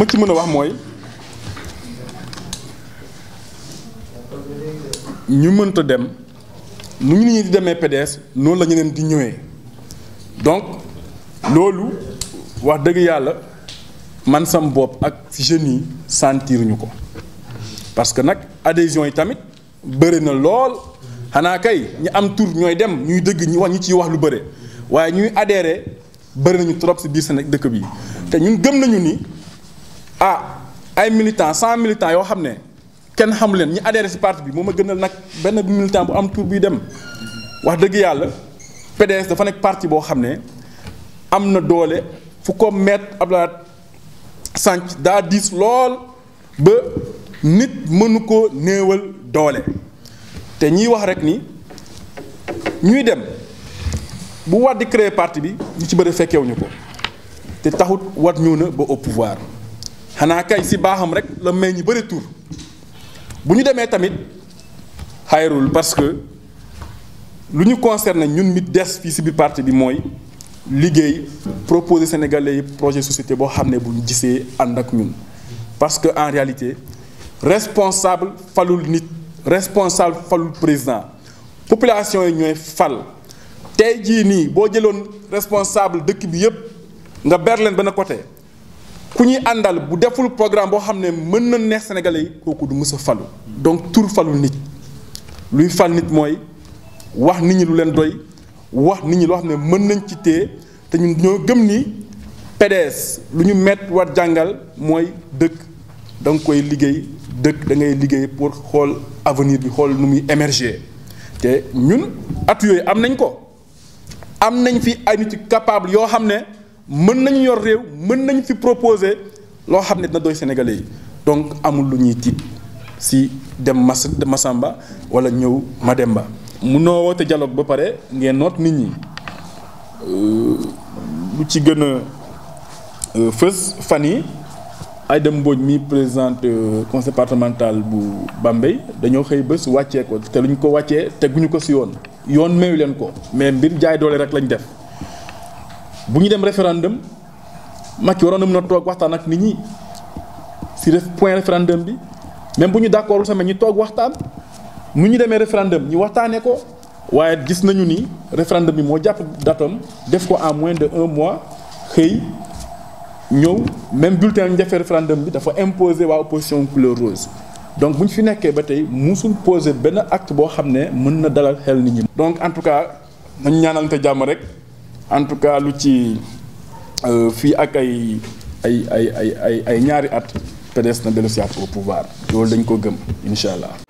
ma ci mën a wax mooy ñu mënta dem nu ñu ni di demee PDS noonu la ñeneen di ñëwee donc loolu wax dëgg yàlla man sam bopp ak jeunes yi sentir ko parce que nag adhésion yi tamit bëri na lool xanaa kay ñi am tur ñooy dem ñuy dëgg ñi wax ñi ci wax lu bëre waaye ñuy adhéré bëri nañu trop si biir seen dëkk bi te ñun gëm nañu ni. ah ay militants cent militants yoo xam ne kenn xamu leen ñi adhéré si parti bi moo ma gënal nag benn militant bu am tur buy dem wax dëgg yàlla PDS dafa nekk parti boo xam ne am na doole fu ko mettre Abdoulaye sànq daa diis lool ba nit mënu koo néewal doole te ñiy wax rek ni ñuy dem bu Wade créer parti bi ñu ci bëri fekkewuñu ko te taxut Wade ñëw na ba au xanaa kay si baaxam rek la meññ ñu bëri tur bu ñu demee tamit xayrul parce que lu ñu concerne ñun mi des fii si biir parti bi mooy liggéey proposer sénégalais yi projet société boo xam ne bu ñu gisee ànd ak ñun parce que en réalité responsable falul nit responsable falul président population yi ñooy fal tey jii nii boo jëloon responsable dëkk bi yépp nga ber leen na côté ku ñuy àndal bu deful programme boo xam ne mën na neex sénégalais yi kooku du mës a falu donc tur falul nit luy fal nit mooy wax nit ñi lu leen doy wax nit ñi loo xam ne mën nañ ci téye te ñun ñoo gëm ni PDS lu ñu met war jàngal mooy dëkk da koy liggéey dëkk da ngay liggéey pour xool avenir bi xool nu muy émerger te ñun at yooyu am nañ ko am nañ fi ay nit capable yoo xam ne mën nañu yor réew mën nañu fi proposer loo xam ne dina doy sénégalais donc amul lu ñuy tiit si dem mas Masamba wala ñëw ma Mademba. munoo woote dialogue ba pare ngeen noot nit ñi euh, lu ci gën a euh, fës fan yi Aïda Mbodj mi présidente euh, conseil départemental bu Bambey dañoo xëy bés wàccee ko te lu ñu ko wàccee teguñu ko si yoon yoon mayu leen ko mais mbir jaay doole rek lañ def. bu ñu dem référendum Macky waroon na mën a toog waxtaan ak nit ñi si point référendum bi même bu ñu d'accordul sama ñi toog waxtaan nu ñu demee référendum ñi waxtaanee ko waaye gis nañu ni référendum bi moo jàpp datam def ko en moins de un mois xëy ñëw même bulletin ñu defee référendum bi dafa imposer waa opposition couleur rose donc bu ñu fi nekkee ba tey mosul poser benn act boo xam ne mën na dalal xel nit ñi. donc en tout cas nañu ñaanal te jàmm rek. en tout cas lu ci euh, fii ak ay ay ay ay ay ay ñaari at PDS na dellusiwaat au pouvoir loolu dañ ko gëm incha allah.